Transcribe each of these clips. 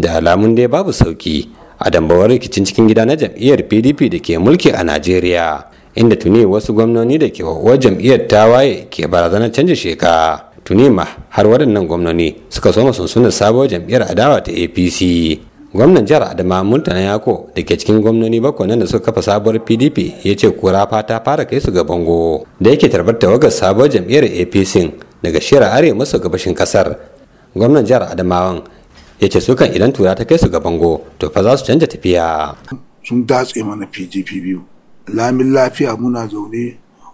da alamun dai babu sauki a dambawar rikicin cikin gida na jam'iyyar pdp da ke mulki a najeriya inda tuni wasu gwamnoni da ke wa jam'iyyar tawaye ke barazanar canja sheka tuni ma har waɗannan gwamnoni suka soma sunsunan sabuwar jam'iyyar adawa ta apc gwamnan jihar adama murtala yako da ke cikin gwamnoni bakwai nan da suka kafa sabuwar pdp ya ce kura fata fara kai su ga bango da yake tarbar tawagar sabuwar jam'iyyar apc daga shirar arewa maso gabashin kasar gwamnan jihar adamawan ya ce sukan idan tura ta kai su ga bango to fa za su canja tafiya sun datse mana pdp biyu lamin lafiya muna zaune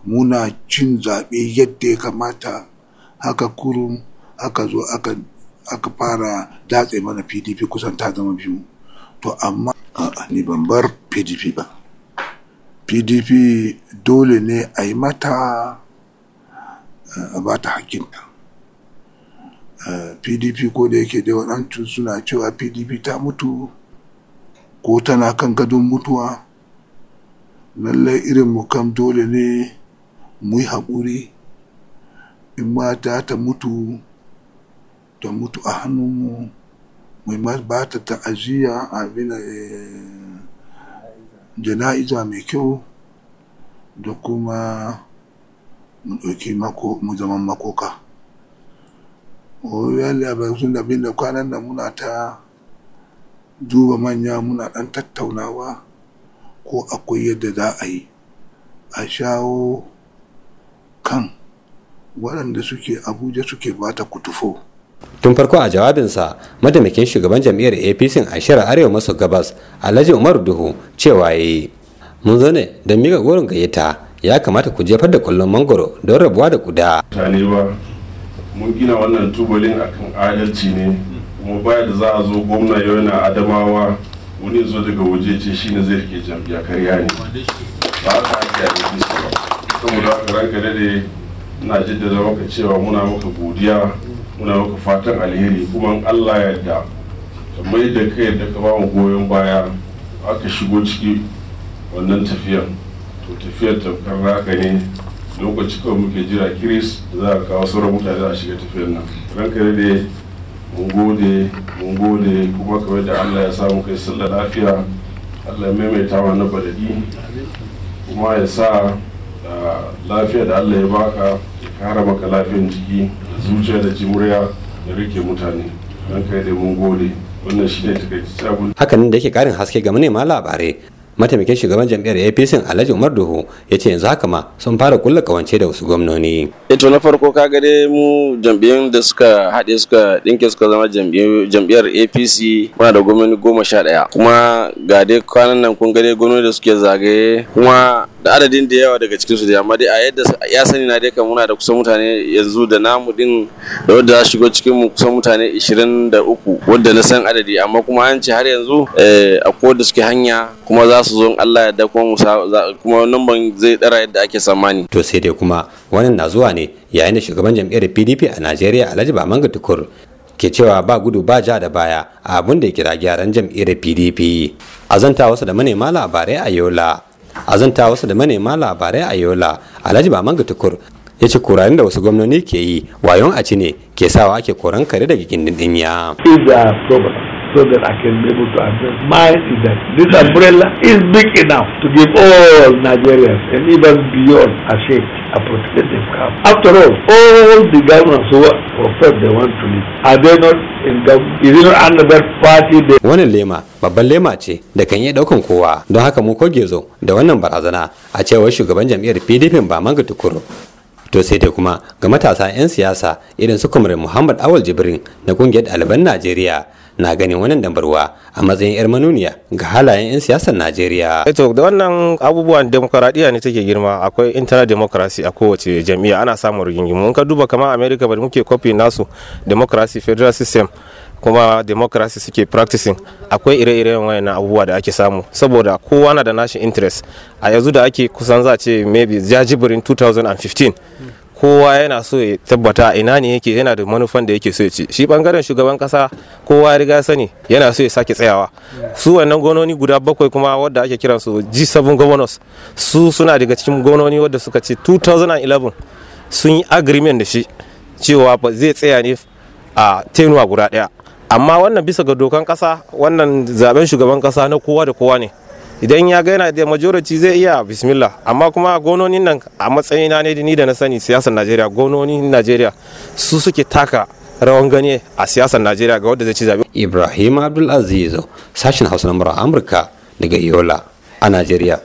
muna cin zaɓe yadda ya kamata haka kurum aka zo aka fara datse mana pdp kusan ta zama biyu to amma ni ban bar pdp ba pdp dole ne a yi mata a ba ta hakkinta pdp ko da yake da waɗancu suna cewa pdp ta mutu ko tana kan gadon mutuwa lallai irin mu kam dole ne mu yi haƙuri in mata ta mutu ta mutu a hannunmu mu ma ba ta ta'aziyya a bina eh, jana'iza mai kyau da kuma mu ɗauki mu zaman makoka sun da da kwanan nan muna ta duba manya muna ɗan tattaunawa ko akwai yadda za a yi a shawo kan waɗanda suke abuja suke bata kutufo tun farko a jawabinsa mataimakin shugaban jam'iyyar apc a shirar arewa maso gabas alhaji umar duhu cewa ya yi mun zo ne don miƙa gorin gayyata ya kamata ku jefar da kullum mangoro don rabuwa da kuda. mun gina wannan tubalin akan adalci ne kuma baya da za a zo gwamna yau yana adamawa wani zo daga waje ce shine zai rike jam'iyya karya ne ba haka ake yi bisa ba saboda haka ranka dade ina jaddada maka cewa muna maka godiya muna maka fatan alheri kuma Allah yadda yarda kamar da kai yadda ka ba goyon baya aka shigo ciki wannan tafiyar to tafiyar tamkar raka ne Lokacin kawai muke jira kiris za a kawo sauran mutane a shiga tafiyar nan ranka da mun gode mun gode kuma kawai da allah ya samu kai sallar lafiya allah ya maimaita wa na baladi kuma ya sa ah, lafiya da allah ya baka ya kara maka lafiyar jiki da zuciya da jimuriya da rike mutane ranka da mun gode wannan shi ne takaitaccen hakanin da yake karin haske ga manema labarai mataimakin shugaban jam'iyyar apc alhaji umar duhu ya ce yanzu haka ma sun fara kulla kawance da wasu gwamnoni eto eh na farko ka gade mu jam'iyyun da suka haɗe suka ɗinke suka zama jam'iyyar apc muna da gwamnoni goma sha ɗaya kuma ga dai kwanan nan kun gade gwamnoni da suke zagaye kuma da adadin da yawa daga cikinsu da amma dai a yadda ya sani na dai kan muna da kusan mutane yanzu da namu din da wanda za shigo cikin mu kusan mutane 23 wadda na san adadi amma kuma an ce har yanzu eh, a da suke hanya kuma za su zo Allah ya kuma kuma numban zai dara yadda ake tsammani to sai dai kuma wannan na zuwa ne yayin da shugaban jam'iyyar PDP a Najeriya Alhaji Bamanga Tukur ke cewa ba gudu ba ja da baya abin da ya kira gyaran jam'iyyar PDP a zanta wasu da manema labarai a Yola a zanta wasu da manema labarai a yola alhaji manga tukur ya ce kurarin da wasu gwamnoni ke yi wayon a ci ne ke sawa ake koran kare daga gindin dinya. so that I can be able to address. Mine is that this umbrella is big enough to give all Nigerians and even beyond a shake a protective cap. After all, all the governors who are professed they want to leave, are they not in government? Is it not under that party? They Wannan lema babban lema ce da kan yi daukan kowa don haka mu koge zo da wannan barazana a cewar shugaban jam'iyyar PDP ba manga tukuru to sai dai kuma ga matasa 'yan siyasa irin su kumar muhammad awal jibrin na kungiyar ɗaliban najeriya na ganin wannan dambarwa a matsayin yar manuniya ga halayen 'yan siyasar najeriya eh to da wannan abubuwan demokuraɗiyya ne take girma akwai internal democracy a kowace jami'a ana samun rigingimu in ka duba kamar america ba muke copy nasu democracy federal system kuma democracy suke practicing akwai ire-iren wayannan abubuwa da ake samu saboda kowa na da nashi interest a yanzu da ake kusan za ce maybe jajibirin 2015 kowa yana so ya tabbata ina ne yake yana da manufan da yake so ya ci shi bangaren shugaban kasa kowa ya riga sani yana so ya sake tsayawa su wannan gononi guda bakwai kuma wadda ake kiran su G7 governors su suna daga cikin gononi wadda suka ce 2011 sun yi agreement da shi cewa ba zai tsaya ne a tenuwa guda daya amma wannan bisa ga dokan kasa wannan zaben shugaban kasa na kowa da kowa ne idan ya ga yana da majority zai iya bismillah amma kuma gononin nan a matsayina ne ni da na sani siyasar najeriya gononin najeriya su suke taka rawan gani a siyasar najeriya ga wadda zai ci zabe ibrahim abdulaziz sashen hausa na amurka daga yola a najeriya